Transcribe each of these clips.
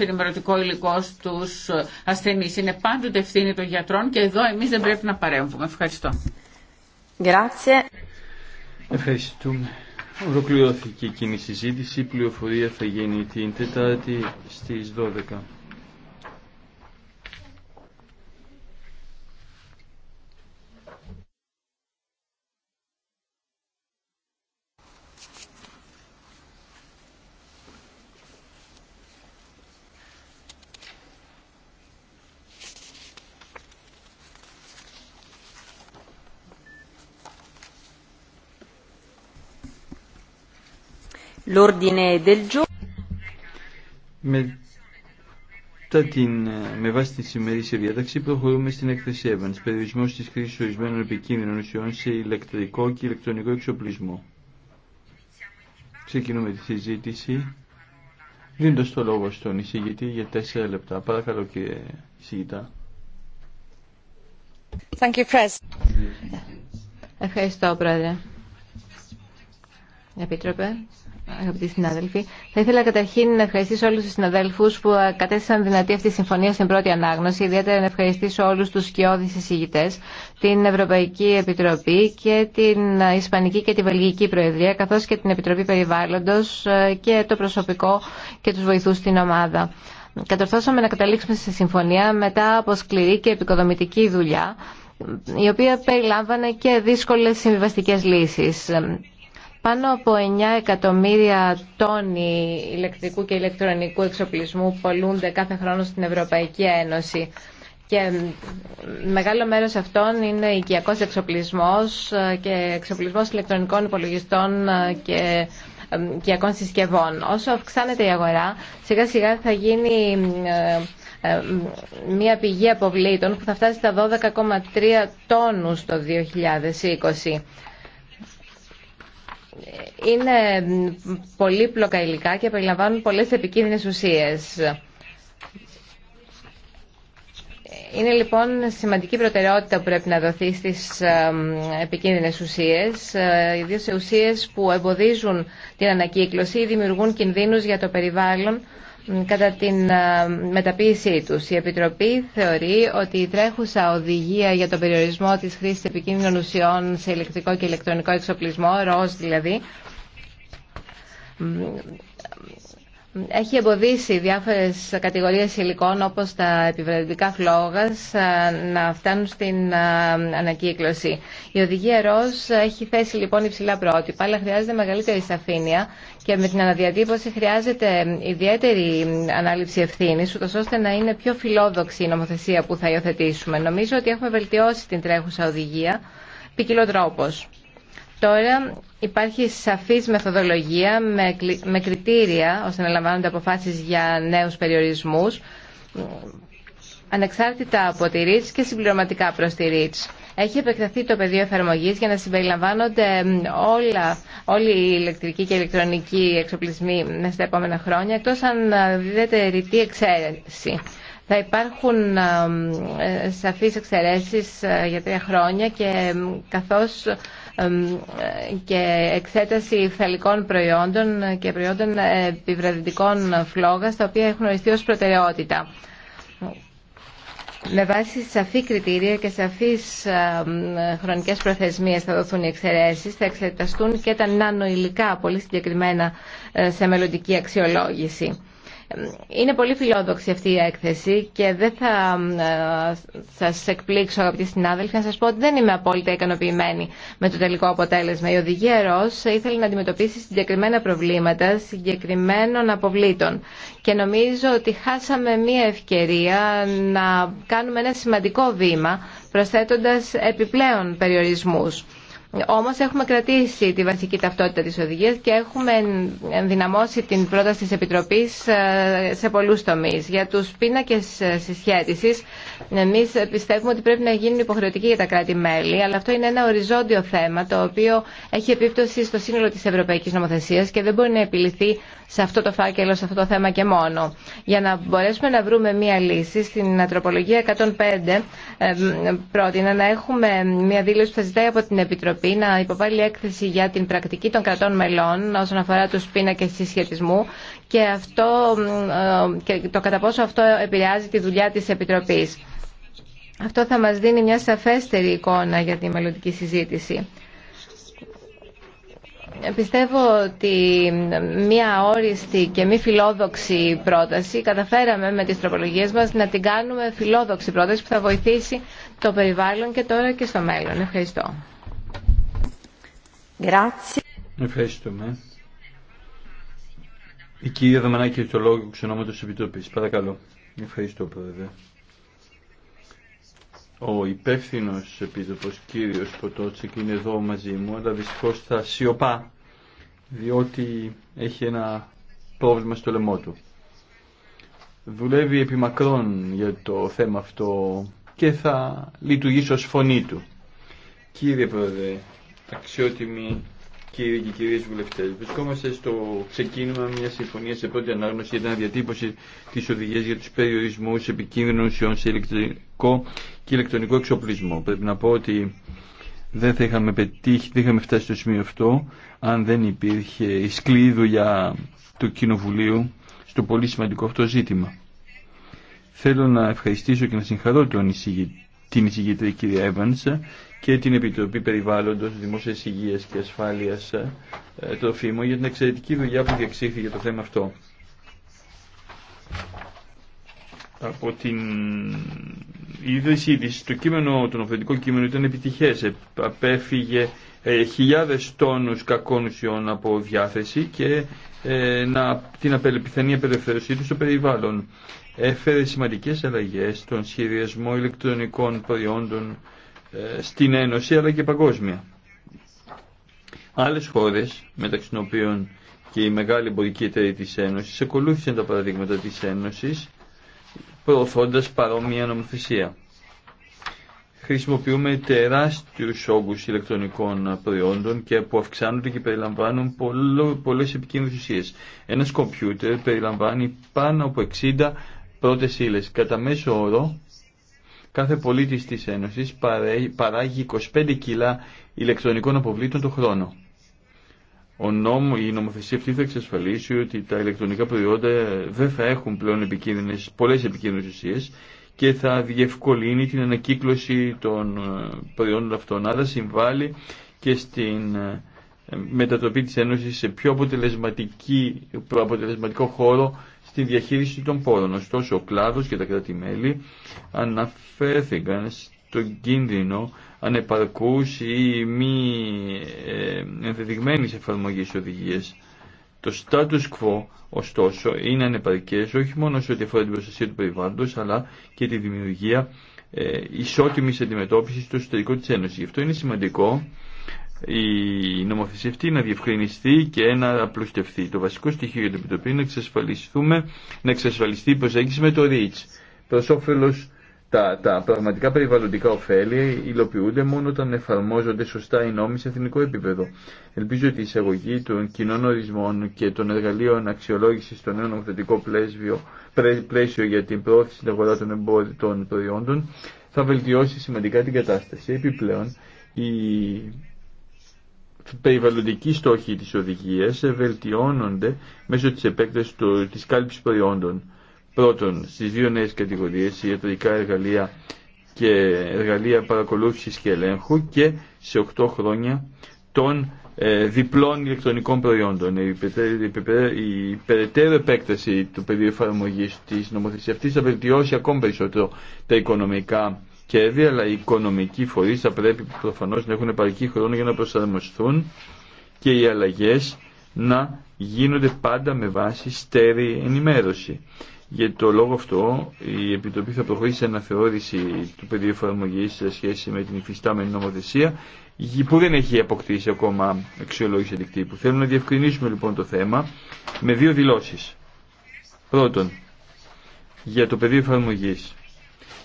ενημερωτικό υλικό στους ασθενείς. Είναι πάντοτε ευθύνη των γιατρών και εδώ εμείς δεν πρέπει να παρέμβουμε. Ευχαριστώ. Ευχαριστούμε. Ολοκληρώθηκε εκείνη η συζήτηση. Η πληροφορία θα γίνει την Τετάρτη στις 12. L'ordine την, ε, με βάση τη σημερινή διάταξη προχωρούμε στην έκθεση Evans, περιορισμό τη χρήση ορισμένων επικίνδυνων ουσιών σε ηλεκτρικό και ηλεκτρονικό εξοπλισμό. Ξεκινούμε τη συζήτηση. Δίνοντα το λόγο στον εισηγητή για τέσσερα λεπτά. Παρακαλώ κύριε εισηγητά. Thank you, President. Ευχαριστώ, Πρόεδρε. Επίτροπε, αγαπητοί συνάδελφοι. Θα ήθελα καταρχήν να ευχαριστήσω όλου του συναδέλφου που κατέστησαν δυνατή αυτή τη συμφωνία στην πρώτη ανάγνωση. Ιδιαίτερα να ευχαριστήσω όλου του σκιώδει εισηγητέ, την Ευρωπαϊκή Επιτροπή και την Ισπανική και τη Βελγική Προεδρία, καθώ και την Επιτροπή Περιβάλλοντο ε, και το προσωπικό και του βοηθού στην ομάδα. Κατορθώσαμε να καταλήξουμε σε συμφωνία μετά από σκληρή και επικοδομητική δουλειά η οποία περιλάμβανε και δύσκολες συμβιβαστικές λύσεις. Πάνω από 9 εκατομμύρια τόνοι ηλεκτρικού και ηλεκτρονικού εξοπλισμού πολλούνται κάθε χρόνο στην Ευρωπαϊκή Ένωση. Και μεγάλο μέρος αυτών είναι οικιακός εξοπλισμός ε, και εξοπλισμός ηλεκτρονικών υπολογιστών ε, και ε, οικιακών συσκευών. Όσο αυξάνεται η αγορά, σιγά σιγά θα γίνει μια πηγή αποβλήτων που θα φτάσει στα 12,3 τόνους το 2020 είναι πολύπλοκα υλικά και περιλαμβάνουν πολλές επικίνδυνες ουσίες. Είναι λοιπόν σημαντική προτεραιότητα που πρέπει να δοθεί στις επικίνδυνες ουσίες, ε, ιδίως σε ουσίες που εμποδίζουν την ανακύκλωση ή δημιουργούν κινδύνους για το περιβάλλον κατά την ε, μεταποίησή τους. Η Επιτροπή θεωρεί ότι η τρέχουσα οδηγία για τον περιορισμό της χρήσης επικίνδυνων ουσιών σε ηλεκτρικό και ηλεκτρονικό εξοπλισμό, ροζ δηλαδή, έχει εμποδίσει διάφορες κατηγορίες υλικών όπως τα επιβραδυτικά φλόγας να φτάνουν στην ανακύκλωση. Η οδηγία ΡΟΣ έχει θέσει λοιπόν υψηλά πρότυπα, αλλά χρειάζεται μεγαλύτερη σαφήνεια και με την αναδιατύπωση χρειάζεται ιδιαίτερη ανάληψη ευθύνη, ούτω ώστε να είναι πιο φιλόδοξη η νομοθεσία που θα υιοθετήσουμε. Νομίζω ότι έχουμε βελτιώσει την τρέχουσα οδηγία ποικιλό τρόπο. Τώρα Υπάρχει σαφής μεθοδολογία με κριτήρια ώστε να λαμβάνονται αποφάσεις για νέους περιορισμούς ανεξάρτητα από τη ΡΙΤΣ και συμπληρωματικά προς τη ΡΙΤΣ. Έχει επεκταθεί το πεδίο εφαρμογή για να συμπεριλαμβάνονται όλα, όλοι οι ηλεκτρικοί και ηλεκτρονικοί εξοπλισμοί μέσα στα επόμενα χρόνια, εκτό αν ε, δίδεται ρητή εξαίρεση. Θα υπάρχουν ε, ε, σαφεί εξαιρεσει για τρία χρόνια και καθώ και εξέταση φθαλικών προϊόντων και προϊόντων επιβραδυτικών φλόγας, τα οποία έχουν οριστεί ως προτεραιότητα. Με βάση σαφή κριτήρια και σαφείς χρονικές προθεσμίες θα δοθούν οι εξαιρέσεις, θα εξεταστούν και τα νανοηλικά πολύ συγκεκριμένα ε, σε μελλοντική αξιολόγηση. Είναι πολύ φιλόδοξη αυτή η έκθεση και δεν θα ε, σας εκπλήξω αγαπητοί συνάδελφοι να σας πω ότι δεν είμαι απόλυτα ικανοποιημένη με το τελικό αποτέλεσμα. Η οδηγία ΡΟΣ ήθελε να αντιμετωπίσει συγκεκριμένα προβλήματα συγκεκριμένων αποβλήτων και νομίζω ότι χάσαμε μία ευκαιρία να κάνουμε ένα σημαντικό βήμα προσθέτοντας επιπλέον περιορισμούς. Όμω έχουμε κρατήσει τη βασική ταυτότητα τη οδηγία και έχουμε ενδυναμώσει την πρόταση τη επιτροπή ε, σε πολλού τομεί. Για τους πίνακε συσχέτιση, Εμεί πιστεύουμε ότι πρέπει να γίνουν υποχρεωτικοί για τα κράτη-μέλη, αλλά αυτό είναι ένα οριζόντιο θέμα το οποίο έχει επίπτωση στο σύνολο τη Ευρωπαϊκή Νομοθεσία και δεν μπορεί να επιληθεί σε αυτό το φάκελο, σε αυτό το θέμα και μόνο. Για να μπορέσουμε να βρούμε μία λύση, στην Ατροπολογία 105 πρότεινα να έχουμε μία δήλωση που θα ζητάει από την Επιτροπή να υποβάλει έκθεση για την πρακτική των κρατών μελών όσον αφορά τους πίνακες συσχετισμού και, αυτό, ε, και το κατά πόσο αυτό επηρεάζει τη δουλειά της Επιτροπής. Αυτό θα μας δίνει μια σαφέστερη εικόνα για τη μελλοντική συζήτηση. Πιστεύω ότι μία όριστη και μη φιλόδοξη πρόταση καταφέραμε με τις τροπολογίες μας να την κάνουμε φιλόδοξη πρόταση που θα βοηθήσει το περιβάλλον και τώρα και στο μέλλον. Ευχαριστώ. Ευχαριστούμε. Η κυρία Δαμανάκη έχει το λόγο ξενόματος επιτροπή. Παρακαλώ. Ευχαριστώ πρόεδρε. Ο υπεύθυνο επίτροπο, κύριο Ποτότσικ είναι εδώ μαζί μου, αλλά δυστυχώ θα σιωπά, διότι έχει ένα πρόβλημα στο λαιμό του. Δουλεύει επιμακρών για το θέμα αυτό και θα λειτουργήσω ως φωνή του. Κύριε Πρόεδρε, αξιότιμοι κύριοι και κυρίε βουλευτέ. Βρισκόμαστε στο ξεκίνημα μια συμφωνία σε πρώτη ανάγνωση για την αδιατύπωση τη οδηγία για του περιορισμού επικίνδυνων ουσιών σε ηλεκτρικό και ηλεκτρονικό εξοπλισμό. Πρέπει να πω ότι δεν θα είχαμε πετύχει, δεν είχαμε φτάσει στο σημείο αυτό αν δεν υπήρχε η σκληρή δουλειά του Κοινοβουλίου στο πολύ σημαντικό αυτό ζήτημα. Θέλω να ευχαριστήσω και να συγχαρώ τον εισηγητή την εισηγήτρια κυρία Evans και την Επιτροπή Περιβάλλοντος, Δημόσιας Υγείας και Ασφάλειας ε, Τροφίμων για την εξαιρετική δουλειά που διεξήχθη για το θέμα αυτό. Από την είδηση της, το, κείμενο, το νομοθετικό κείμενο ήταν επιτυχές. Ε, απέφυγε ε, χιλιάδες τόνους κακών ουσιών από διάθεση και ε, να, την απελεπιθανή απελευθέρωσή του στο περιβάλλον. Έφερε σημαντικές αλλαγές στον σχεδιασμό ηλεκτρονικών προϊόντων ε, στην Ένωση αλλά και παγκόσμια. Άλλες χώρες, μεταξύ των οποίων και η μεγάλη εμπορική εταιρεία της Ένωσης, ακολούθησαν τα παραδείγματα της Ένωσης, προωθώντας παρόμοια νομοθεσία χρησιμοποιούμε τεράστιους όγκους ηλεκτρονικών προϊόντων και που αυξάνονται και περιλαμβάνουν πολλέ πολλές επικίνδυνες ουσίες. Ένας κομπιούτερ περιλαμβάνει πάνω από 60 πρώτες ύλε. Κατά μέσο όρο, κάθε πολίτης της Ένωσης παράγει 25 κιλά ηλεκτρονικών αποβλήτων το χρόνο. Ο νόμο, η νομοθεσία αυτή θα εξασφαλίσει ότι τα ηλεκτρονικά προϊόντα δεν θα έχουν πλέον πολλέ επικίνδυνε ουσίε και θα διευκολύνει την ανακύκλωση των ε, προϊόντων αυτών. Άρα συμβάλλει και στην ε, μετατροπή της Ένωσης σε πιο αποτελεσματική, αποτελεσματικό χώρο στη διαχείριση των πόρων. Ωστόσο, ο κλάδος και τα κράτη-μέλη αναφέρθηκαν στον κίνδυνο ανεπαρκούς ή μη ε, ενδεδειγμένης εφαρμογής οδηγίες. Το status quo, ωστόσο, είναι ανεπαρκέ όχι μόνο σε ό,τι αφορά την προστασία του περιβάλλοντο αλλά και τη δημιουργία ε, ισότιμης αντιμετώπιση στο εσωτερικό τη Ένωση. Γι' αυτό είναι σημαντικό η νομοθεσία αυτή να διευκρινιστεί και να απλουστευτεί. Το βασικό στοιχείο για την Επιτροπή είναι να, να εξασφαλιστεί η προσέγγιση με το REACH προ όφελο τα, τα πραγματικά περιβαλλοντικά ωφέλη υλοποιούνται μόνο όταν εφαρμόζονται σωστά οι νόμοι σε εθνικό επίπεδο. Ελπίζω ότι η εισαγωγή των κοινών ορισμών και των εργαλείων αξιολόγηση στο νέο νομοθετικό πλαίσιο, για την πρόθεση στην αγορά των, εμπόδι, προϊόντων θα βελτιώσει σημαντικά την κατάσταση. Επιπλέον, η περιβαλλοντική στόχοι της οδηγίας βελτιώνονται μέσω της επέκτασης της κάλυψης προϊόντων Πρώτον, στι δύο νέε κατηγορίε, ιατρικά εργαλεία και εργαλεία παρακολούθηση και ελέγχου και σε 8 χρόνια των ε, διπλών ηλεκτρονικών προϊόντων. Η, η περαιτέρω επέκταση του πεδίου εφαρμογή τη νομοθεσία αυτή θα βελτιώσει ακόμα περισσότερο τα οικονομικά κέρδη, αλλά οι οικονομικοί φορεί θα πρέπει προφανώ να έχουν επαρκή χρόνο για να προσαρμοστούν και οι αλλαγέ να γίνονται πάντα με βάση στέρη ενημέρωση. Για το λόγο αυτό, η Επιτροπή θα προχωρήσει σε αναθεώρηση του πεδίου εφαρμογή σε σχέση με την υφιστάμενη νομοθεσία, που δεν έχει αποκτήσει ακόμα αξιολόγηση αντικτύπου. Θέλουμε να διευκρινίσουμε λοιπόν το θέμα με δύο δηλώσει. Πρώτον, για το πεδίο εφαρμογή.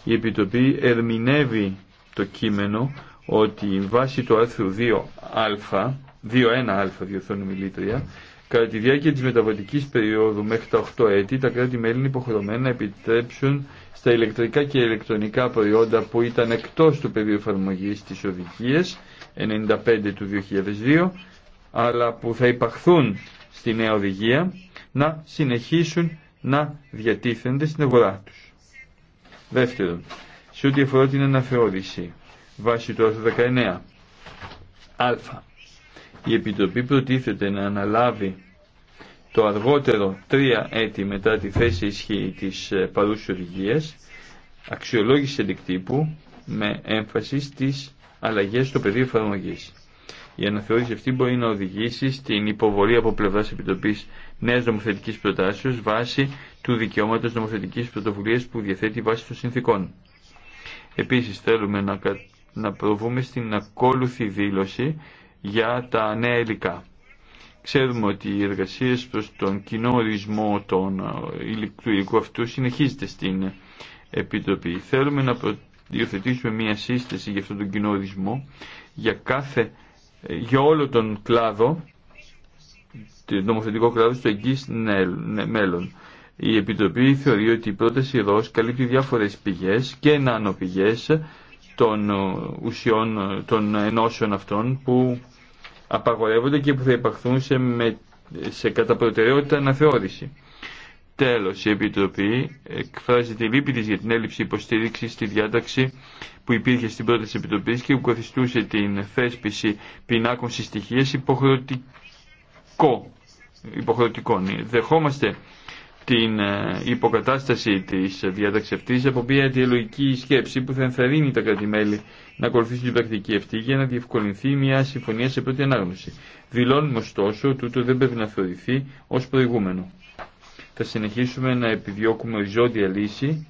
Η Επιτροπή ερμηνεύει το κείμενο ότι βάσει του άρθρου 2α, 2.1α διορθώνει μιλήτρια, Κατά τη διάρκεια τη μεταβατική περίοδου μέχρι τα 8 έτη, τα κράτη-μέλη είναι υποχρεωμένα να επιτρέψουν στα ηλεκτρικά και ηλεκτρονικά προϊόντα που ήταν εκτός του πεδίου εφαρμογή τη Οδηγία 95 του 2002, αλλά που θα υπαχθούν στη νέα οδηγία, να συνεχίσουν να διατίθενται στην αγορά του. Δεύτερον, σε ό,τι αφορά την αναθεώρηση, βάσει του άρθρου 19, α, η Επιτροπή προτίθεται να αναλάβει το αργότερο τρία έτη μετά τη θέση ισχύ της ε, παρούσης οδηγίας αξιολόγηση αντικτύπου με έμφαση στις αλλαγές στο πεδίο εφαρμογή. Η αναθεώρηση αυτή μπορεί να οδηγήσει στην υποβολή από πλευρά Επιτροπή νέα νομοθετική προτάσεω βάσει του δικαιώματο νομοθετική πρωτοβουλία που διαθέτει βάση των συνθήκων. Επίση, θέλουμε να, να προβούμε στην ακόλουθη δήλωση για τα νέα υλικά. Ξέρουμε ότι οι εργασίε προ τον κοινό ορισμό των, ε, του υλικού αυτού συνεχίζεται στην Επιτροπή. Θέλουμε να προδιοθετήσουμε μια σύσταση για αυτόν τον κοινό ορισμό για, κάθε, ε, για όλο τον κλάδο, τον νομοθετικό κλάδο στο εγγύ μέλλον. Η Επιτροπή θεωρεί ότι η πρόταση ΡΟΣ καλύπτει διάφορες πηγές και νανοπηγές των ουσιών των ενώσεων αυτών που απαγορεύονται και που θα υπαρχθούν σε, με, σε κατά προτεραιότητα αναθεώρηση. Τέλος, η Επιτροπή εκφράζει τη λύπη της για την έλλειψη υποστήριξης στη διάταξη που υπήρχε στην πρώτη της Επιτροπής και που καθιστούσε την θέσπιση πινάκων στις υποχρεωτικών. Δεχόμαστε την ε, υποκατάσταση της διάταξη από μια αιτιολογική σκέψη που θα ενθαρρύνει τα κράτη-μέλη να ακολουθήσουν την πρακτική αυτή για να διευκολυνθεί μια συμφωνία σε πρώτη ανάγνωση. Δηλώνουμε ωστόσο ότι τούτο δεν πρέπει να θεωρηθεί ως προηγούμενο. Θα συνεχίσουμε να επιδιώκουμε οριζόντια λύση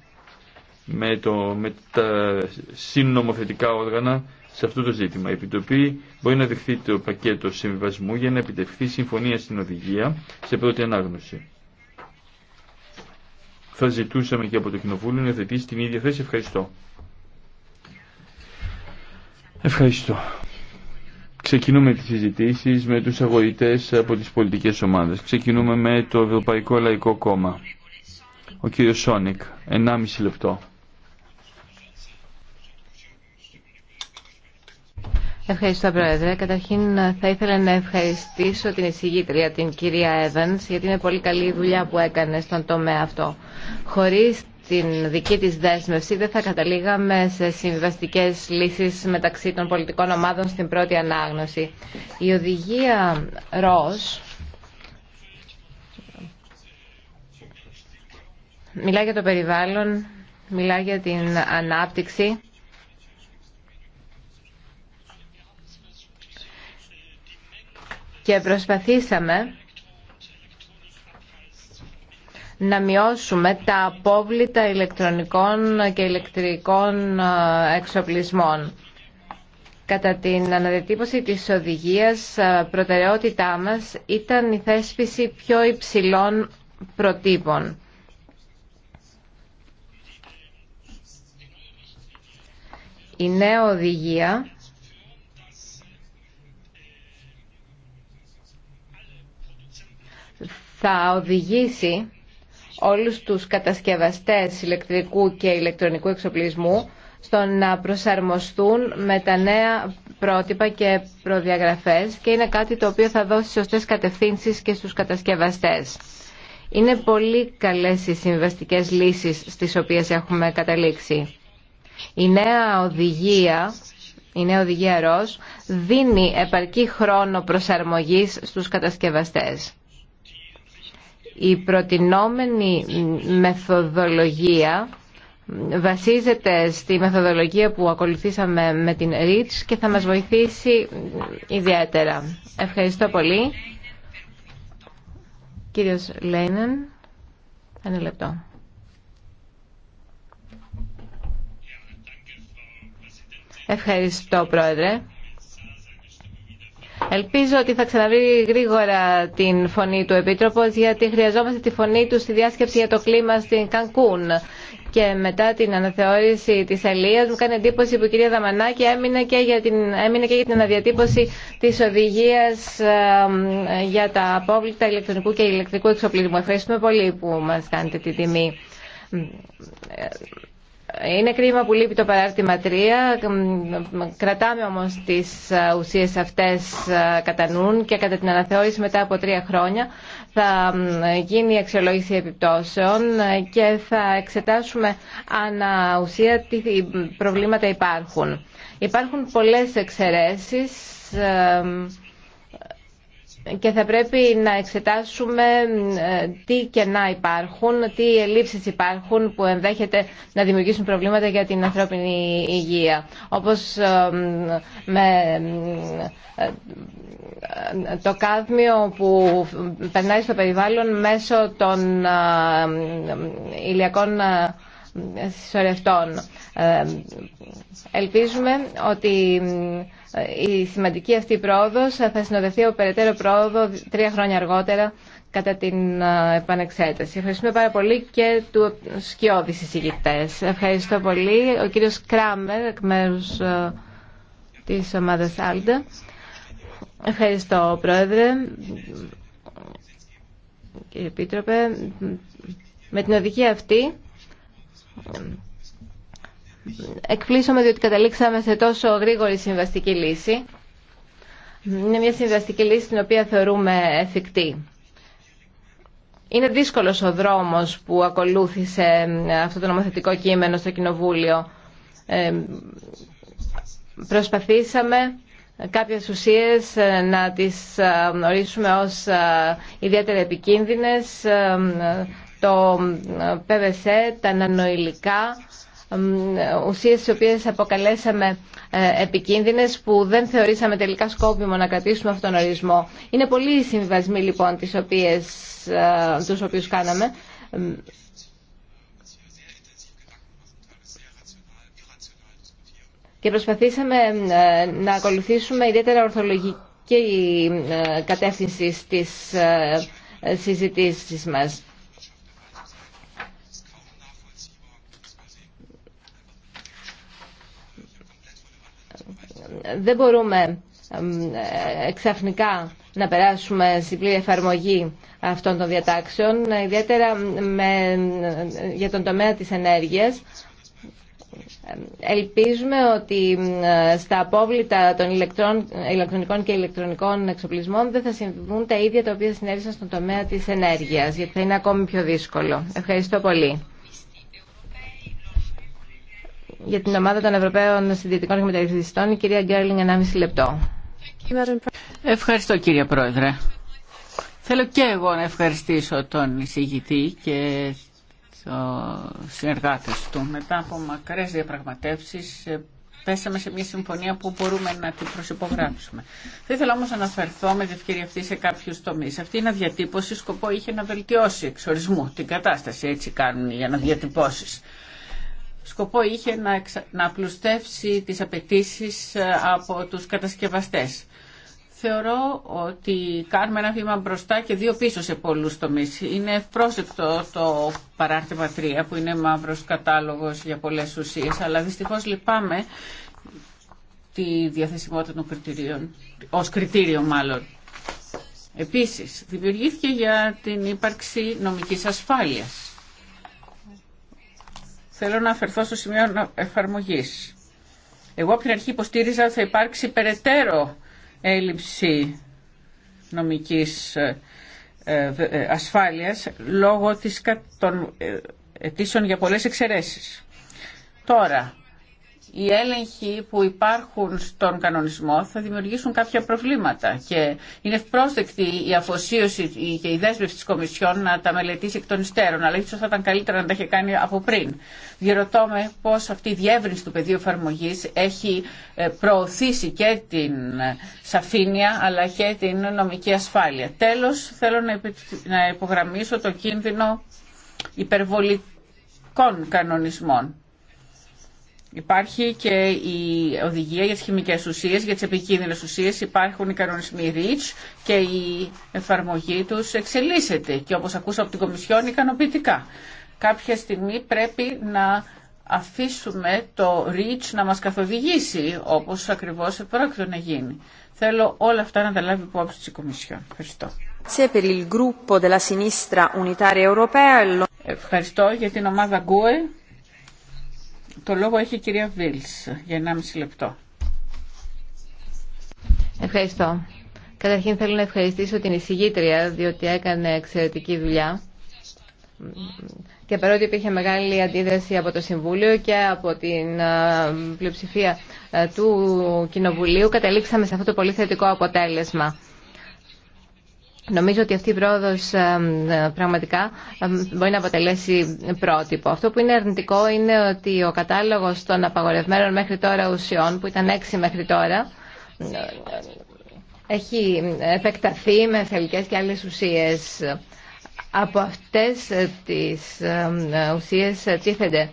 με, το, με τα συνομοθετικά όργανα σε αυτό το ζήτημα. Η Επιτροπή μπορεί να δεχθεί το πακέτο συμβιβασμού για να επιτευχθεί συμφωνία στην οδηγία σε πρώτη ανάγνωση θα ζητούσαμε και από το Κοινοβούλιο να θετήσει την ίδια θέση. Ευχαριστώ. Ευχαριστώ. Ξεκινούμε τις συζητήσεις με τους αγωγητές από τις πολιτικές ομάδες. Ξεκινούμε με το Ευρωπαϊκό Λαϊκό Κόμμα. Ο κύριος Σόνικ, 1,5 λεπτό. Ευχαριστώ, Πρόεδρε. Καταρχήν, θα ήθελα να ευχαριστήσω την εισηγήτρια, την κυρία Evans, γιατί είναι πολύ καλή η δουλειά που έκανε στον τομέα αυτό. Χωρί την δική της δέσμευση δεν θα καταλήγαμε σε συμβιβαστικές λύσεις μεταξύ των πολιτικών ομάδων στην πρώτη ανάγνωση. Η οδηγία ΡΟΣ μιλά για το περιβάλλον, μιλά για την ανάπτυξη και προσπαθήσαμε να μειώσουμε τα απόβλητα ηλεκτρονικών και ηλεκτρικών ε, εξοπλισμών. Κατά την αναδιατύπωση της οδηγίας, ε, προτεραιότητά μας ήταν η θέσπιση πιο υψηλών προτύπων. Η νέα οδηγία θα οδηγήσει όλους τους κατασκευαστές ηλεκτρικού και ηλεκτρονικού εξοπλισμού στο να προσαρμοστούν με τα νέα πρότυπα και προδιαγραφές και είναι κάτι το οποίο θα δώσει σωστές κατευθύνσεις και στους κατασκευαστές. Είναι πολύ καλές οι συμβαστικές λύσεις στις οποίες έχουμε καταλήξει. Η νέα οδηγία, η νέα οδηγία ΡΟΣ δίνει επαρκή χρόνο προσαρμογής στους κατασκευαστές. Η προτινόμενη μεθοδολογία βασίζεται στη μεθοδολογία που ακολουθήσαμε με την REACH και θα μας βοηθήσει ιδιαίτερα. Ευχαριστώ πολύ. Κύριος Λέινεν, ένα λεπτό. Ευχαριστώ, Πρόεδρε. Ελπίζω ότι θα ξαναβρει γρήγορα την φωνή του Επίτροπο, γιατί χρειαζόμαστε τη φωνή του στη διάσκεψη για το κλίμα στην Κανκούν. Και μετά την αναθεώρηση τη Αλία, μου κάνει εντύπωση που η κυρία Δαμανάκη έμεινε και για την, έμεινε και για την αναδιατύπωση τη οδηγία για τα απόβλητα ηλεκτρονικού και ηλεκτρικού εξοπλισμού. Ευχαριστούμε πολύ που μα κάνετε τη τιμή. Είναι κρίμα που λείπει το παράρτημα 3. Κρατάμε όμως τις ε, ουσίες αυτές ε, κατά και κατά την αναθεώρηση μετά από τρία χρόνια θα γίνει η αξιολόγηση επιπτώσεων ε, και θα εξετάσουμε αν ουσία τι προβλήματα υπάρχουν. Υπάρχουν πολλές εξαιρέσεις και θα πρέπει να εξετάσουμε ε, τι κενά υπάρχουν, τι ελλείψεις υπάρχουν που ενδέχεται να δημιουργήσουν προβλήματα για την ανθρώπινη υγεία. Όπως ε, με ε, το κάδμιο που περνάει στο περιβάλλον μέσω των ηλιακών συσσωρευτών. Ε, ελπίζουμε ότι ε, η σημαντική αυτή πρόοδος θα συνοδευτεί από περαιτέρω πρόοδο τρία χρόνια αργότερα κατά την ε, επανεξέταση. Ευχαριστούμε πάρα πολύ και του σκιώδη συζητητές. Ευχαριστώ πολύ. Ο κύριος Κράμερ, εκ μέρου της ομάδα Άλντα. Ευχαριστώ, Πρόεδρε. Κύριε Επίτροπε, με την οδηγία αυτή ε, εκπλήσωμε διότι καταλήξαμε σε τόσο γρήγορη συμβαστική λύση. Είναι μια συμβαστική λύση την οποία θεωρούμε εφικτή. Είναι δύσκολος ο δρόμος που ακολούθησε αυτό το νομοθετικό κείμενο στο Κοινοβούλιο. Ε, προσπαθήσαμε κάποιες ουσίες ε, να τις ορίσουμε ως ιδιαίτερα επικίνδυνες, το PVC, τα νανοηλικά, ουσίες τις οποίες αποκαλέσαμε ε, επικίνδυνες που δεν θεωρήσαμε τελικά σκόπιμο να κρατήσουμε αυτόν τον ορισμό. Είναι πολλοί οι συμβασμοί λοιπόν τις οποίες, ε, τους οποίους κάναμε. Και προσπαθήσαμε ε, να ακολουθήσουμε ιδιαίτερα ορθολογική κατεύθυνση στις συζητήσεις μας. δεν μπορούμε εξαφνικά ε, να περάσουμε στην πλήρη εφαρμογή αυτών των διατάξεων, ιδιαίτερα με, για τον τομέα της ενέργειας. Ελπίζουμε ότι στα απόβλητα των ηλεκτρονικών και ηλεκτρονικών εξοπλισμών δεν θα συμβούν τα ίδια τα οποία συνέβησαν στον τομέα της ενέργειας, γιατί θα είναι ακόμη πιο δύσκολο. Ευχαριστώ πολύ. Για την ομάδα των Ευρωπαίων Συντηρητικών και Μεταρρυθμιστών, η κυρία Γκέρλινγκ, 1,5 λεπτό. Ευχαριστώ κύριε Πρόεδρε. Θέλω και εγώ να ευχαριστήσω τον εισηγητή και του συνεργάτε του. Μετά από μακρές διαπραγματεύσεις ε, πέσαμε σε μια συμφωνία που μπορούμε να την προσυπογράψουμε. Θα ήθελα όμως να αναφερθώ με την ευκαιρία αυτή σε κάποιους τομείς. Αυτή η αναδιατύπωση σκοπό είχε να βελτιώσει εξορισμού την κατάσταση. Έτσι κάνουν οι αναδιατυπώσεις σκοπό είχε να, εξα... απλουστεύσει τις απαιτήσει ε, από τους κατασκευαστές. Θεωρώ ότι κάνουμε ένα βήμα μπροστά και δύο πίσω σε πολλούς τομείς. Είναι ευπρόσεκτο το παράρτημα 3 που είναι μαύρος κατάλογος για πολλές ουσίες, αλλά δυστυχώς λυπάμαι τη διαθεσιμότητα των κριτηρίων, ως κριτήριο μάλλον. Επίσης, δημιουργήθηκε για την ύπαρξη νομικής ασφάλειας θέλω να αφαιρθώ στο σημείο εφαρμογής. Εγώ από την αρχή υποστήριζα ότι θα υπάρξει περαιτέρω έλλειψη νομικής ε, ε, ε, ασφάλειας λόγω της, των αιτήσεων για πολλές εξαιρέσεις. Τώρα, οι έλεγχοι που υπάρχουν στον κανονισμό θα δημιουργήσουν κάποια προβλήματα και είναι πρόσδεκτη η αφοσίωση και η δέσμευση της Κομισιόν να τα μελετήσει εκ των υστέρων, αλλά ίσως θα ήταν καλύτερα να τα είχε κάνει από πριν. Διερωτώ με πώς αυτή η διεύρυνση του πεδίου εφαρμογή έχει ε, προωθήσει και την ε, σαφήνεια αλλά και την νομική ασφάλεια. Τέλος, θέλω να υπογραμμίσω το κίνδυνο υπερβολικών κανονισμών Υπάρχει και η οδηγία για τις χημικές ουσίες, για τις επικίνδυνες ουσίες, υπάρχουν οι κανονισμοί REACH και η εφαρμογή τους εξελίσσεται και όπως ακούσα από την Κομισιόν ικανοποιητικά. Κάποια στιγμή πρέπει να αφήσουμε το REACH να μας καθοδηγήσει όπως ακριβώς πρόκειται να γίνει. Θέλω όλα αυτά να τα λάβει υπόψη της Κομισιόν. Ευχαριστώ. Ευχαριστώ για την ομάδα GUE. Το λόγο έχει η κυρία Βίλς για 1,5 λεπτό. Ευχαριστώ. Καταρχήν θέλω να ευχαριστήσω την εισηγήτρια διότι έκανε εξαιρετική δουλειά και παρότι υπήρχε μεγάλη αντίδραση από το Συμβούλιο και από την πλειοψηφία του Κοινοβουλίου καταλήξαμε σε αυτό το πολύ θετικό αποτέλεσμα. Νομίζω ότι αυτή η πρόοδο ε, ε, πραγματικά ε, μπορεί να αποτελέσει πρότυπο. Αυτό που είναι αρνητικό είναι ότι ο κατάλογο των απαγορευμένων μέχρι τώρα ουσιών, που ήταν έξι μέχρι τώρα, έχει επεκταθεί με θελικές και άλλες ουσίες. Από αυτές τις ουσίες τίθενται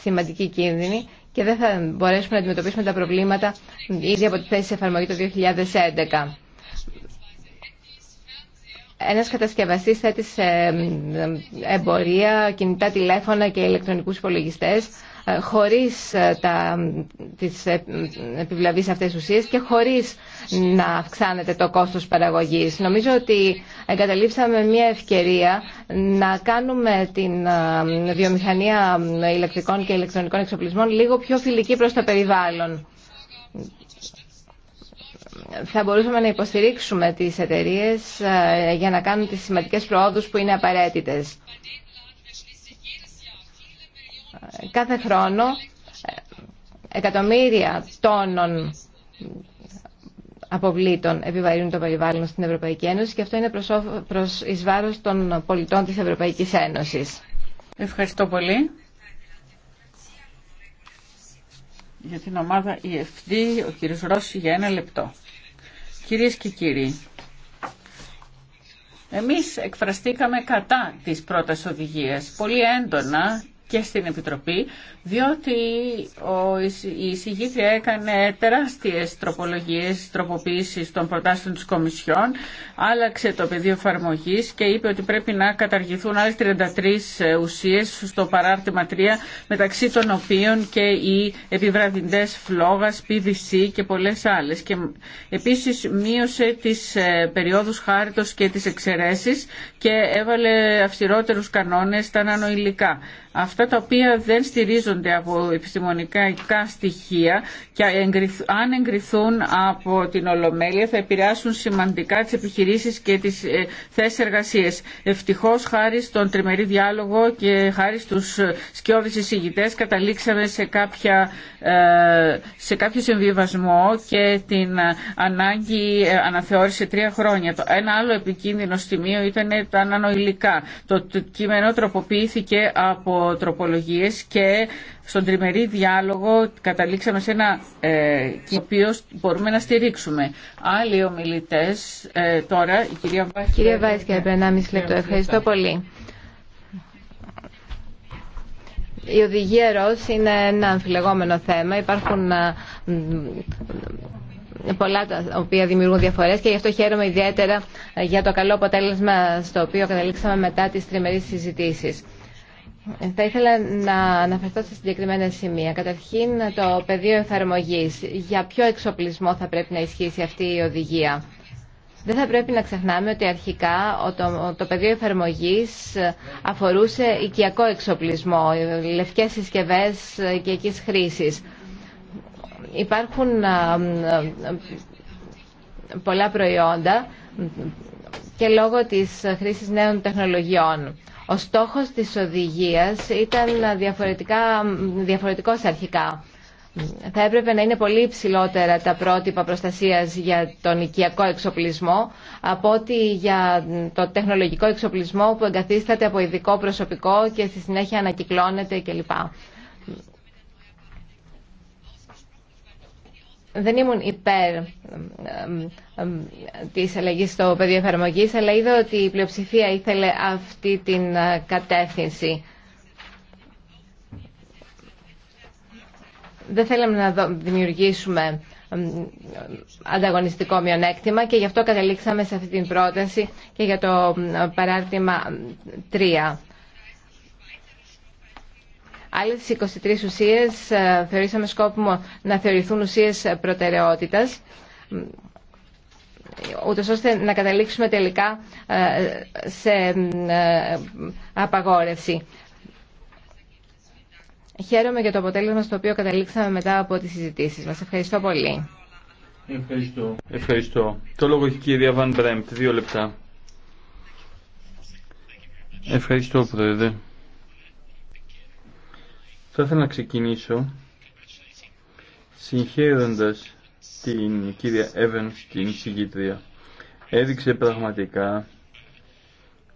σημαντική κίνδυνη και δεν θα μπορέσουμε να αντιμετωπίσουμε τα προβλήματα ήδη από τη θέση εφαρμογή το 2011 ένας κατασκευαστής θέτει σε εμπορία κινητά τηλέφωνα και ηλεκτρονικούς υπολογιστέ ε, χωρίς ε, τα, τις ε, επιβλαβείς αυτές ουσίες και χωρίς να αυξάνεται το κόστος παραγωγής. Νομίζω ότι εγκαταλείψαμε μια ευκαιρία να κάνουμε την βιομηχανία ηλεκτρικών και ηλεκτρονικών εξοπλισμών λίγο πιο φιλική προς το περιβάλλον θα μπορούσαμε να υποστηρίξουμε τις εταιρείες ε, για να κάνουν τις σημαντικές προόδους που είναι απαραίτητες. Κάθε χρόνο ε, εκατομμύρια τόνων αποβλήτων επιβαρύνουν το περιβάλλον στην Ευρωπαϊκή Ένωση και αυτό είναι προς εις βάρος των πολιτών της Ευρωπαϊκής Ένωσης. Ευχαριστώ πολύ. για την ομάδα EFD, ο κύριος Ρώση για ένα λεπτό. Κυρίες και κύριοι, εμείς εκφραστήκαμε κατά της πρώτας οδηγίας, πολύ έντονα και στην Επιτροπή, διότι ο, η συγγήτρια έκανε τεράστιες τροπολογίες, τροποποίησης των προτάσεων της Κομισιόν, άλλαξε το πεδίο εφαρμογή και είπε ότι πρέπει να καταργηθούν άλλες 33 ουσίες στο παράρτημα 3, μεταξύ των οποίων και οι επιβραδυντές φλόγας, PVC και πολλές άλλες. Και επίσης μείωσε τις ε, περιόδους χάριτος και τις εξαιρέσεις και έβαλε αυστηρότερους κανόνες στα νανοηλικά αυτά τα οποία δεν στηρίζονται από επιστημονικά στοιχεία και αν εγκριθούν από την Ολομέλεια θα επηρεάσουν σημαντικά τις επιχειρήσεις και τις ε, θέσεις εργασίες. Ευτυχώς χάρη στον τριμερή διάλογο και χάρη στους ε, σκιώδεις εισηγητές καταλήξαμε σε, κάποια, ε, σε κάποιο συμβιβασμό και την ανάγκη αναθεώρησε τρία χρόνια. Ένα άλλο επικίνδυνο σημείο ήταν τα ανανοηλικά. Το κείμενο τροποποιήθηκε από τροπολογίες και στον τριμερή διάλογο καταλήξαμε σε ένα ε, πού μπορούμε να στηρίξουμε. Άλλοι ομιλητές ε, τώρα, η κυρία Βάσκερ. Κυρία Βάσκη, έπρεπε λεπτό. Ευχαριστώ πολύ. Η οδηγία ΡΟΣ είναι ένα αμφιλεγόμενο θέμα. Υπάρχουν ε, πολλά τα οποία δημιουργούν διαφορές και γι' αυτό χαίρομαι ιδιαίτερα ε, για το καλό αποτέλεσμα στο οποίο καταλήξαμε μετά τις τριμερείς συζητήσεις. Θα ήθελα να αναφερθώ σε συγκεκριμένα σημεία. Καταρχήν, το πεδίο εφαρμογή, Για ποιο εξοπλισμό θα πρέπει να ισχύσει αυτή η οδηγία. Δεν θα πρέπει να ξεχνάμε ότι αρχικά το πεδίο εφαρμογή αφορούσε οικιακό εξοπλισμό, λευκές συσκευέ οικιακή χρήση. Υπάρχουν πολλά προϊόντα και λόγω της χρήσης νέων τεχνολογιών. Ο στόχος της οδηγίας ήταν διαφορετικά, διαφορετικός αρχικά. Θα έπρεπε να είναι πολύ υψηλότερα τα πρότυπα προστασίας για τον οικιακό εξοπλισμό από ότι για το τεχνολογικό εξοπλισμό που εγκαθίσταται από ειδικό προσωπικό και στη συνέχεια ανακυκλώνεται κλπ. δεν ήμουν υπέρ της αλλαγής στο πεδίο εφαρμογή, αλλά είδα ότι η πλειοψηφία ήθελε αυτή την ε, κατεύθυνση. Δεν θέλαμε να δημιουργήσουμε ανταγωνιστικό μειονέκτημα και γι' αυτό καταλήξαμε σε αυτή την πρόταση και για το παράρτημα 3. Άλλε 23 ουσίε θεωρήσαμε σκόπιμο να θεωρηθούν ουσίε προτεραιότητα ούτως ώστε να καταλήξουμε τελικά ε, σε ε, απαγόρευση. Χαίρομαι για το αποτέλεσμα στο οποίο καταλήξαμε μετά από τις συζητήσεις μας. Ευχαριστώ πολύ. Ευχαριστώ. Ευχαριστώ. Το λόγο έχει η κυρία Βαν Μπρέμπτ. Δύο λεπτά. Ευχαριστώ, Πρόεδρε. Θα ήθελα να ξεκινήσω συγχαίροντας την κυρία Εύεν στην συγκήτρια. Έδειξε πραγματικά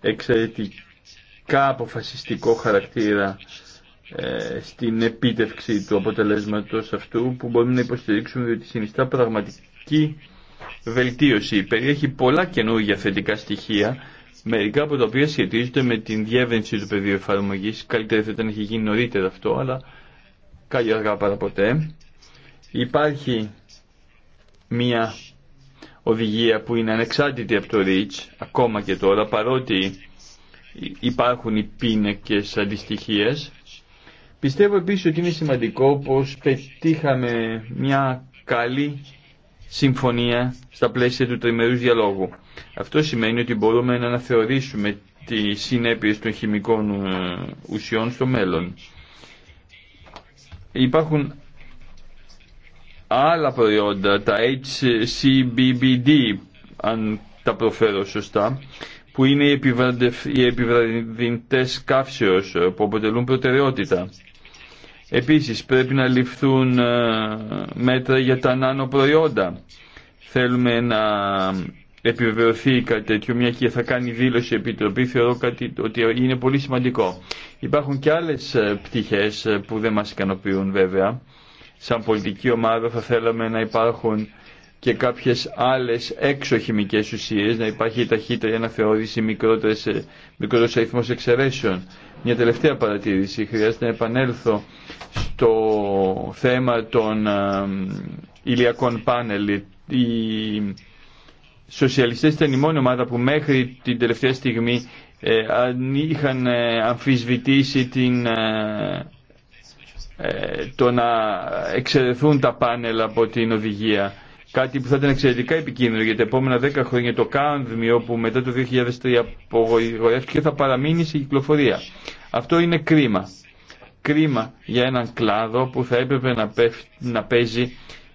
εξαιρετικά αποφασιστικό χαρακτήρα ε, στην επίτευξη του αποτελέσματος αυτού που μπορούμε να υποστηρίξουμε διότι συνιστά πραγματική βελτίωση. Περιέχει πολλά καινούργια θετικά στοιχεία Μερικά από τα οποία σχετίζονται με την διεύρυνση του πεδίου εφαρμογή. Καλύτερα θα ήταν να έχει γίνει νωρίτερα αυτό, αλλά καλή αργά παρά Υπάρχει μια οδηγία που είναι ανεξάρτητη από το REACH, ακόμα και τώρα, παρότι υπάρχουν οι πίνακες αντιστοιχίες. Πιστεύω επίσης ότι είναι σημαντικό πως πετύχαμε μια καλή συμφωνία στα πλαίσια του τριμερούς διαλόγου. Αυτό σημαίνει ότι μπορούμε να αναθεωρήσουμε τις συνέπειες των χημικών ε, ουσιών στο μέλλον. Υπάρχουν άλλα προϊόντα, τα HCBBD, αν τα προφέρω σωστά, που είναι οι επιβραδυντές καύσεως ε, που αποτελούν προτεραιότητα. Επίσης πρέπει να ληφθούν ε, μέτρα για τα προϊόντα. Θέλουμε να επιβεβαιωθεί κάτι τέτοιο, μια και θα κάνει δήλωση η Επιτροπή, θεωρώ κάτι, ότι είναι πολύ σημαντικό. Υπάρχουν και άλλες ε, πτυχές ε, που δεν μας ικανοποιούν βέβαια. Σαν πολιτική ομάδα θα θέλαμε να υπάρχουν και κάποιες άλλες έξω χημικέ ουσίες, να υπάρχει ταχύτητα για να θεωρήσει ε, μικρότερος αριθμός εξαιρέσεων. Μια τελευταία παρατήρηση, χρειάζεται να επανέλθω στο θέμα των ε, ηλιακών πάνελ. Οι σοσιαλιστές ήταν η μόνη ομάδα που μέχρι την τελευταία στιγμή ε, είχαν αμφισβητήσει την το να εξαιρεθούν τα πάνελ από την οδηγία. Κάτι που θα ήταν εξαιρετικά επικίνδυνο για τα επόμενα δέκα χρόνια το κάνδμιο που μετά το 2003 απογοητεύτηκε θα παραμείνει σε κυκλοφορία. Αυτό είναι κρίμα. Κρίμα για έναν κλάδο που θα έπρεπε να, να παίζει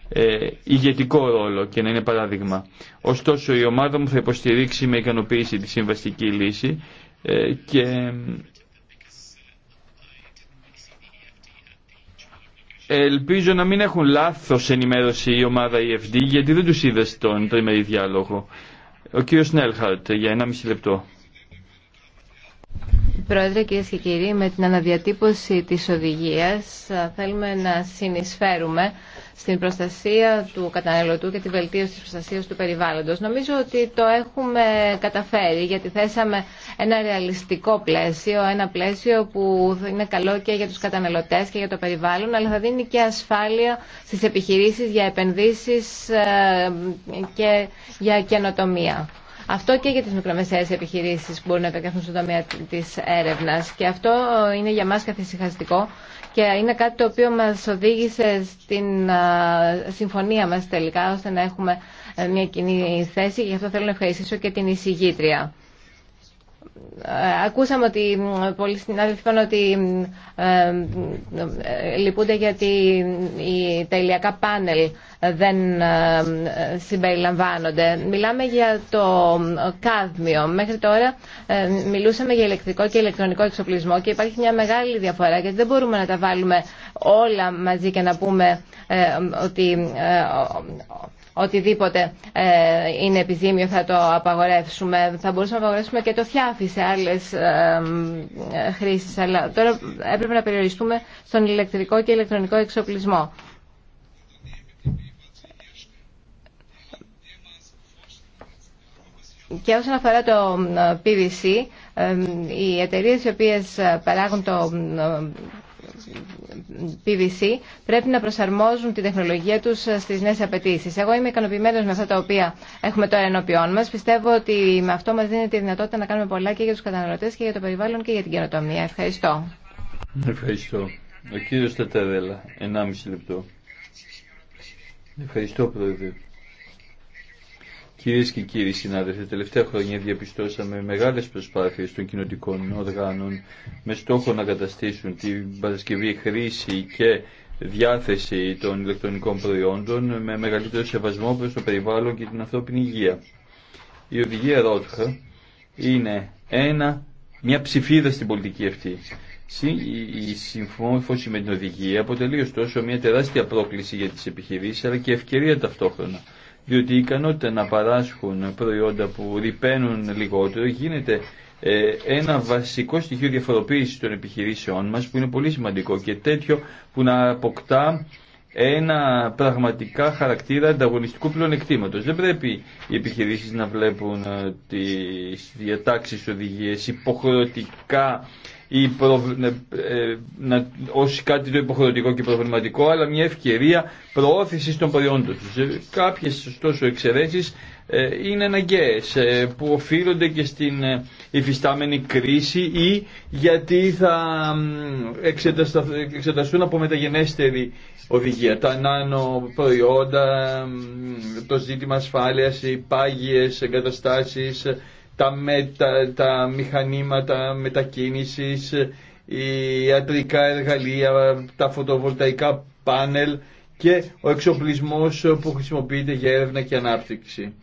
ε, ηγετικό ρόλο και να είναι παράδειγμα. Ωστόσο η ομάδα μου θα υποστηρίξει με ικανοποίηση τη συμβαστική λύση ε, και Ελπίζω να μην έχουν λάθος ενημέρωση η ομάδα EFD γιατί δεν τους είδε στον τριμερή διάλογο. Ο κύριος Νέλχαρτ για ένα μισή λεπτό. Πρόεδρε, κυρίε και κύριοι, με την αναδιατύπωση της οδηγίας θέλουμε να συνεισφέρουμε στην προστασία του καταναλωτού και τη βελτίωση της προστασίας του περιβάλλοντος. Νομίζω ότι το έχουμε καταφέρει γιατί θέσαμε ένα ρεαλιστικό πλαίσιο, ένα πλαίσιο που είναι καλό και για τους καταναλωτές και για το περιβάλλον, αλλά θα δίνει και ασφάλεια στις επιχειρήσεις για επενδύσεις ε, και για καινοτομία. Αυτό και για τις μικρομεσαίες επιχειρήσεις που μπορούν να επεκταθούν στον τομέα της έρευνας. Και αυτό ε, είναι για μας καθησυχαστικό και είναι κάτι το οποίο μας οδήγησε στην ε, συμφωνία μας τελικά ώστε να έχουμε ε, μια κοινή θέση. Γι' αυτό θέλω να ευχαριστήσω και την εισηγήτρια ακούσαμε ότι πολλοί συνάδελφοι είπαν ότι ε, ε, λυπούνται γιατί τα ηλιακά πάνελ δεν ε, συμπεριλαμβάνονται. Μιλάμε για το κάδμιο. Μέχρι τώρα μιλούσαμε για ηλεκτρικό και ηλεκτρονικό εξοπλισμό και υπάρχει μια μεγάλη διαφορά γιατί δεν μπορούμε να τα βάλουμε όλα μαζί και να πούμε ότι οτιδήποτε ε, είναι επιζήμιο θα το απαγορεύσουμε. Θα μπορούσαμε να απαγορεύσουμε και το θιάφι σε άλλες ε, ε, χρήσεις. Αλλά τώρα έπρεπε να περιοριστούμε στον ηλεκτρικό και ηλεκτρονικό εξοπλισμό. Και όσον αφορά το PVC, οι εταιρείες οι οποίες παράγουν το PVC πρέπει να προσαρμόζουν τη τεχνολογία τους στις νέες απαιτήσει. Εγώ είμαι ικανοποιημένος με αυτά τα οποία έχουμε τώρα ενώπιόν μα. Πιστεύω ότι με αυτό μας δίνεται η δυνατότητα να κάνουμε πολλά και για τους καταναλωτές και για το περιβάλλον και για την καινοτομία. Ευχαριστώ. Ευχαριστώ. Ο κύριο Τεταρέλα, 1,5 λεπτό. Ευχαριστώ, Πρόεδρε. Κυρίε και κύριοι συνάδελφοι, τα τελευταία χρόνια διαπιστώσαμε μεγάλε προσπάθειε των κοινοτικών οργάνων με στόχο να καταστήσουν την παρασκευή χρήση και διάθεση των ηλεκτρονικών προϊόντων με μεγαλύτερο σεβασμό προ το περιβάλλον και την ανθρώπινη υγεία. Η οδηγία Ρότχα είναι ένα, μια ψηφίδα στην πολιτική αυτή. Η συμφώνηση με την οδηγία αποτελεί ωστόσο μια τεράστια πρόκληση για τι επιχειρήσει, αλλά και ευκαιρία ταυτόχρονα διότι η ικανότητα να παράσχουν προϊόντα που ρηπαίνουν λιγότερο γίνεται ε, ένα βασικό στοιχείο διαφοροποίησης των επιχειρήσεών μας που είναι πολύ σημαντικό και τέτοιο που να αποκτά ένα πραγματικά χαρακτήρα ανταγωνιστικού πλεονεκτήματος. Δεν πρέπει οι επιχειρήσεις να βλέπουν ε, τις διατάξεις οδηγίες υποχρεωτικά ή ε, κάτι το υποχρεωτικό και προβληματικό, αλλά μια ευκαιρία προώθηση των προϊόντων τους. Ε, κάποιες ωστόσο εξαιρέσεις ε, είναι αναγκαίες, που οφείλονται και στην υφιστάμενη κρίση ή γιατί θα εξεταστούν από μεταγενέστερη οδηγία. Τα νάνο προϊόντα, το ζήτημα ασφάλειας, οι πάγιες εγκαταστάσεις, τα, τα μηχανήματα μετακίνησης, οι ιατρικά εργαλεία, τα φωτοβολταϊκά πάνελ και ο εξοπλισμός που χρησιμοποιείται για έρευνα και ανάπτυξη.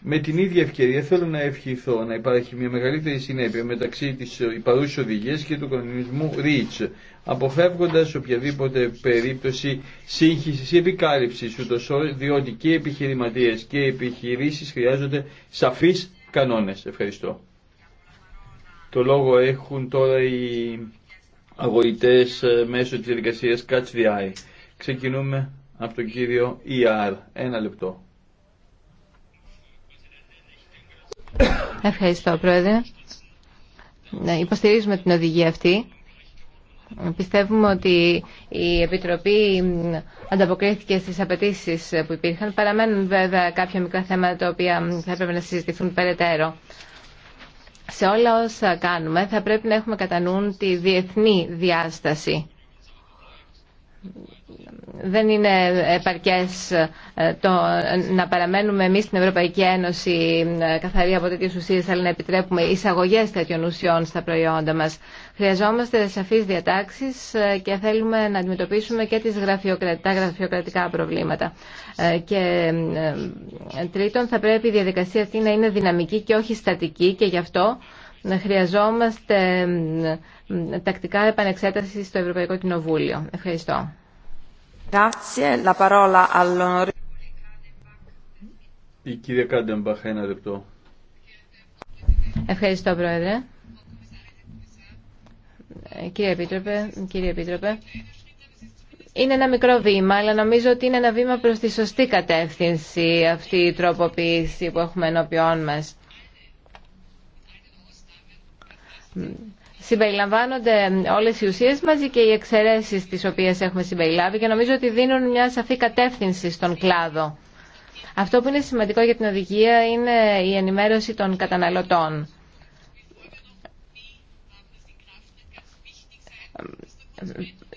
Με την ίδια ευκαιρία θέλω να ευχηθώ να υπάρχει μια μεγαλύτερη συνέπεια μεταξύ της παρούσης οδηγίας και του κανονισμού REACH, αποφεύγοντας οποιαδήποτε περίπτωση σύγχυσης ή επικάλυψης, διότι και οι επιχειρηματίες και οι επιχειρήσεις χρειάζονται σαφείς κανόνες. Ευχαριστώ. Το λόγο έχουν τώρα οι αγωγητές ε, μέσω της διαδικασίας Catch the Eye. Ξεκινούμε από τον κύριο ER. Ένα λεπτό. Ευχαριστώ, Πρόεδρε. Να υποστηρίζουμε την οδηγία αυτή Πιστεύουμε ότι η Επιτροπή ανταποκρίθηκε στις απαιτήσει που υπήρχαν. Παραμένουν βέβαια κάποια μικρά θέματα τα οποία θα έπρεπε να συζητηθούν περαιτέρω. Σε όλα όσα κάνουμε θα πρέπει να έχουμε κατά νου τη διεθνή διάσταση δεν είναι επαρκές ε, το να παραμένουμε εμείς στην Ευρωπαϊκή Ένωση ε, καθαροί από τέτοιες ουσίες αλλά να επιτρέπουμε εισαγωγές τέτοιων ουσιών στα προϊόντα μας. Χρειαζόμαστε σαφείς διατάξεις ε, και θέλουμε να αντιμετωπίσουμε και τις τα γραφειοκρατικά προβλήματα. Και τρίτον, θα πρέπει η διαδικασία αυτή να είναι δυναμική και όχι στατική και γι' αυτό χρειαζόμαστε τακτικά επανεξέταση στο Ευρωπαϊκό Κοινοβούλιο. Ευχαριστώ. Ευχαριστώ, Πρόεδρε. Κύριε Επίτροπε, κύριε Επίτροπε, είναι ένα μικρό βήμα, αλλά νομίζω ότι είναι ένα βήμα προς τη σωστή κατεύθυνση αυτή η τροποποίηση που έχουμε ενώπιόν μας συμπεριλαμβάνονται όλε οι ουσίε μαζί και οι εξαιρεσει τι οποίε έχουμε συμπεριλάβει και νομίζω ότι δίνουν μια σαφή κατεύθυνση στον κλάδο. Αυτό που είναι σημαντικό για την οδηγία είναι η ενημέρωση των καταναλωτών.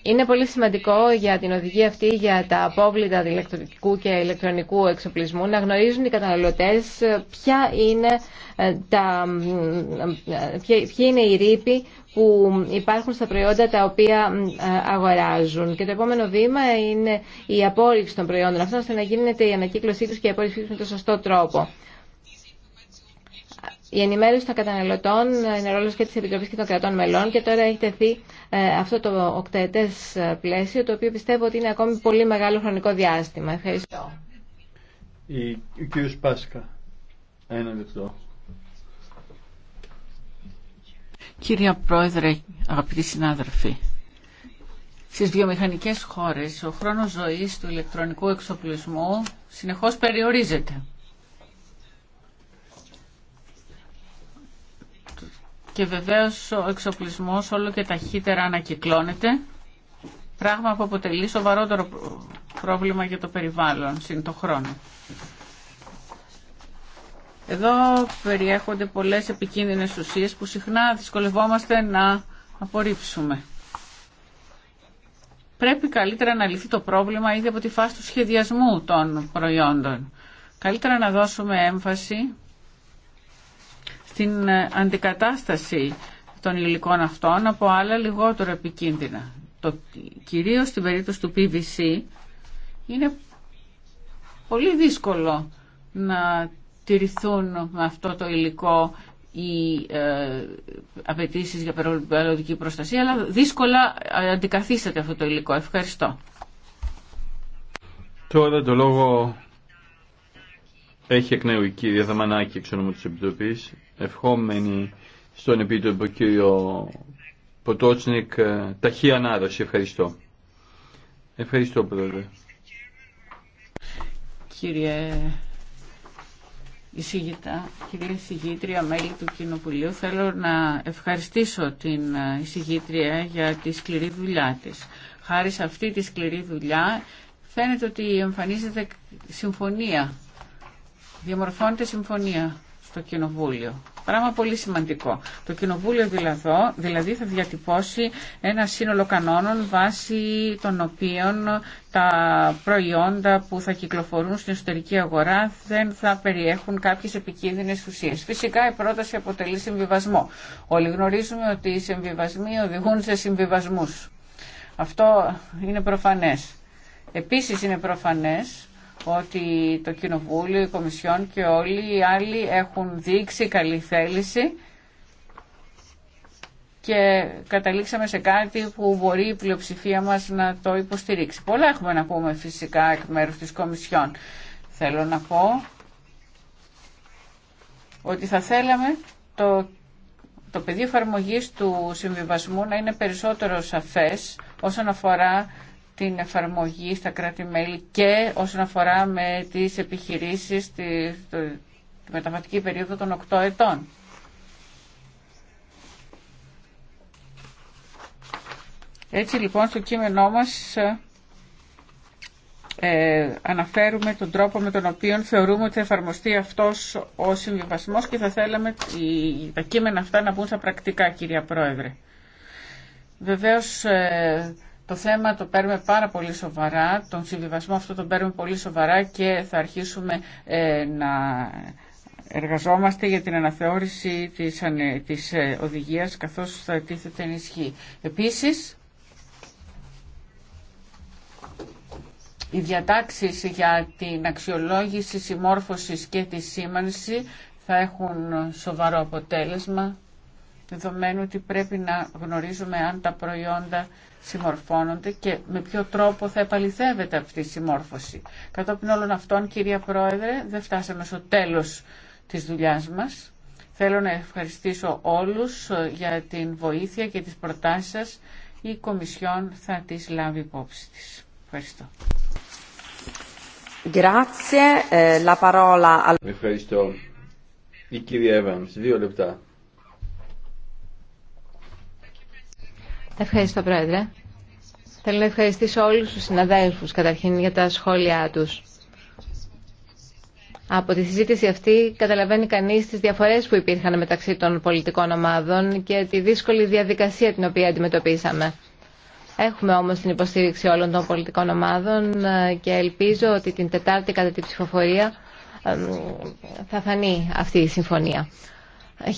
Είναι πολύ σημαντικό για την οδηγία αυτή για τα απόβλητα ηλεκτρονικού και ηλεκτρονικού εξοπλισμού να γνωρίζουν οι καταναλωτές ε, ποια είναι, ε, τα, ε, ποιοι είναι οι ρήποι που υπάρχουν στα προϊόντα τα οποία αγοράζουν. Και το επόμενο βήμα είναι η απόρριψη των προϊόντων αυτών ώστε να γίνεται η ανακύκλωσή τους και η απόρριψή τους με τον σωστό τρόπο. Η ενημέρωση των καταναλωτών είναι ρόλο και τη Επιτροπή και των κρατών μελών και τώρα έχει τεθεί ε, αυτό το οκταετέ ε, πλαίσιο, το οποίο πιστεύω ότι είναι ακόμη πολύ μεγάλο χρονικό διάστημα. Ευχαριστώ. Πάσκα. Ένα λεπτό. Κύριε Πρόεδρε, αγαπητοί συνάδελφοι, στις βιομηχανικές χώρες ο χρόνος ζωής του ηλεκτρονικού εξοπλισμού συνεχώς περιορίζεται. και βεβαίως ο εξοπλισμός όλο και ταχύτερα ανακυκλώνεται, πράγμα που αποτελεί σοβαρότερο πρόβλημα για το περιβάλλον, συν το χρόνο. Εδώ περιέχονται πολλές επικίνδυνες ουσίες που συχνά δυσκολευόμαστε να απορρίψουμε. Πρέπει καλύτερα να λυθεί το πρόβλημα ήδη από τη φάση του σχεδιασμού των προϊόντων. Καλύτερα να δώσουμε έμφαση την ε, αντικατάσταση των υλικών αυτών από άλλα λιγότερο επικίνδυνα. Το, κυρίως στην περίπτωση του PVC είναι πολύ δύσκολο να τηρηθούν με αυτό το υλικό οι ε, απαιτήσει για περιβαλλοντική προστασία, αλλά δύσκολα ε, αντικαθίσταται αυτό το υλικό. Ευχαριστώ. Τώρα το λόγο έχει εκ νέου η κυρία Δαμανάκη εξ της Επιτροπής, ευχόμενη στον Επίτροπο κύριο Ποτότσνικ ε, ταχύ ανάδοση. Ευχαριστώ. Ευχαριστώ πρόεδρε. Κύριε εισηγητά, κυρίε εισηγήτρια, μέλη του Κοινοβουλίου, θέλω να ευχαριστήσω την ε, εισηγήτρια για τη σκληρή δουλειά της. Χάρη σε αυτή τη σκληρή δουλειά φαίνεται ότι εμφανίζεται συμφωνία διαμορφώνεται συμφωνία στο Κοινοβούλιο. Πράγμα πολύ σημαντικό. Το Κοινοβούλιο δηλαδή, δηλαδή θα διατυπώσει ένα σύνολο κανόνων βάσει των οποίων τα προϊόντα που θα κυκλοφορούν στην εσωτερική αγορά δεν θα περιέχουν κάποιες επικίνδυνες ουσίες. Φυσικά η πρόταση αποτελεί συμβιβασμό. Όλοι γνωρίζουμε ότι οι συμβιβασμοί οδηγούν σε συμβιβασμούς. Αυτό είναι προφανές. Επίσης είναι προφανές ότι το Κοινοβούλιο, η Κομισιόν και όλοι οι άλλοι έχουν δείξει καλή θέληση και καταλήξαμε σε κάτι που μπορεί η πλειοψηφία μας να το υποστηρίξει. Πολλά έχουμε να πούμε φυσικά εκ μέρους της Κομισιόν. Θέλω να πω ότι θα θέλαμε το, το πεδίο εφαρμογή του συμβιβασμού να είναι περισσότερο σαφές όσον αφορά την εφαρμογή στα κράτη-μέλη και όσον αφορά με τις επιχειρήσεις τη, το, μεταβατική περίοδο των 8 ετών. Έτσι λοιπόν στο κείμενό μας ε, αναφέρουμε τον τρόπο με τον οποίο θεωρούμε ότι θα εφαρμοστεί αυτός ο συμβιβασμός και θα θέλαμε τα κείμενα αυτά να μπουν στα πρακτικά κυρία Πρόεδρε. Βεβαίως ε, το θέμα το παίρνουμε πάρα πολύ σοβαρά, τον συμβιβασμό αυτό το παίρνουμε πολύ σοβαρά και θα αρχίσουμε ε, να εργαζόμαστε για την αναθεώρηση της, της ε, οδηγίας καθώς θα τίθεται ενισχύ. Επίσης, οι διατάξεις για την αξιολόγηση συμμόρφωσης και τη σήμανση θα έχουν σοβαρό αποτέλεσμα δεδομένου ότι πρέπει να γνωρίζουμε αν τα προϊόντα συμμορφώνονται και με ποιο τρόπο θα επαληθεύεται αυτή η συμμόρφωση. Κατόπιν όλων αυτών, κυρία Πρόεδρε, δεν φτάσαμε στο τέλος της δουλειάς μας. Θέλω να ευχαριστήσω όλους ε, για την βοήθεια και τις προτάσεις σας. Η Κομισιόν θα τις λάβει υπόψη της. Ευχαριστώ. Ε, Ευχαριστώ. Η κυρία Εύανς, δύο λεπτά. Ευχαριστώ, Πρόεδρε. Θέλω να ευχαριστήσω όλους τους συναδέλφους, καταρχήν, για τα σχόλιά τους. Από τη συζήτηση αυτή καταλαβαίνει κανείς τις διαφορές που υπήρχαν μεταξύ των πολιτικών ομάδων και τη δύσκολη διαδικασία την οποία αντιμετωπίσαμε. Έχουμε όμως την υποστήριξη όλων των πολιτικών ομάδων ε, και ελπίζω ότι την Τετάρτη κατά την ψηφοφορία ε, θα φανεί αυτή η συμφωνία.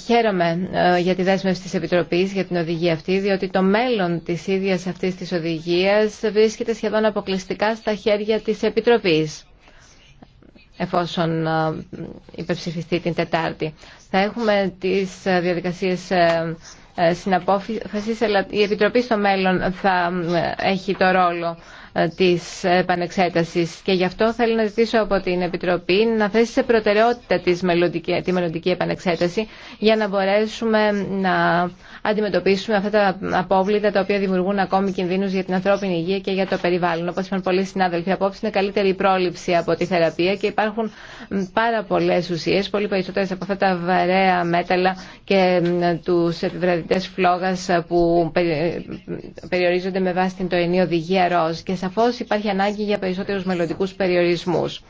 Χαίρομαι ε, για τη δέσμευση της Επιτροπής για την οδηγία αυτή, διότι το μέλλον της ίδιας αυτής της οδηγίας βρίσκεται σχεδόν αποκλειστικά στα χέρια της Επιτροπής εφόσον ε, υπεψηφιστεί την Τετάρτη. Θα έχουμε τις ε, διαδικασίες ε, στην απόφαση, αλλά η Επιτροπή στο μέλλον θα έχει το ρόλο ε, της επανεξέτασης και γι' αυτό θέλω να ζητήσω από την Επιτροπή να θέσει σε προτεραιότητα της μελλοντική, τη μελλοντική επανεξέταση για να μπορέσουμε να αντιμετωπίσουμε αυτά τα απόβλητα τα οποία δημιουργούν ακόμη κινδύνους για την ανθρώπινη υγεία και για το περιβάλλον. Όπως είπαν πολλοί συνάδελφοι, απόψη, είναι καλύτερη η πρόληψη από τη θεραπεία και υπάρχουν πάρα πολλές ουσίες, πολύ περισσότερες από αυτά τα βαρέα μέταλλα και τους επιβραδ διακινητές φλόγας ε, που ε, περιορίζονται με βάση την τωρινή οδηγία ροζ. και σαφώς υπάρχει ανάγκη για περισσότερους μελλοντικού περιορισμούς.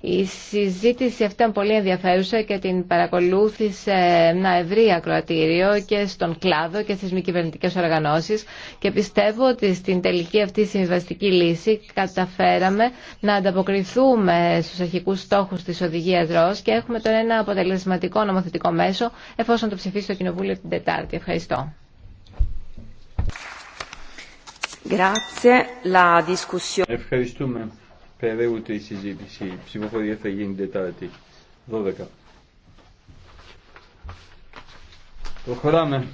Η συζήτηση αυτή ήταν πολύ ενδιαφέρουσα και την παρακολούθησε ένα ευρύ ακροατήριο και στον κλάδο και στις μη κυβερνητικέ οργανώσεις και πιστεύω ότι στην τελική αυτή συμβαστική λύση καταφέραμε να ανταποκριθούμε στους αρχικούς στόχους της οδηγίας ΡΟΣ και έχουμε τώρα ένα αποτελεσματικό νομοθετικό μέσο εφόσον το ψηφίσει το Κοινοβούλιο την Τετάρτη. Ευχαριστώ. Ευχαριστούμε. Πέρα ούτε η συζήτηση. Η ψηφοφορία θα γίνει Τετάρτη. 12. Προχωράμε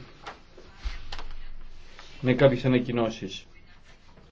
με κάποιες ανακοινώσεις.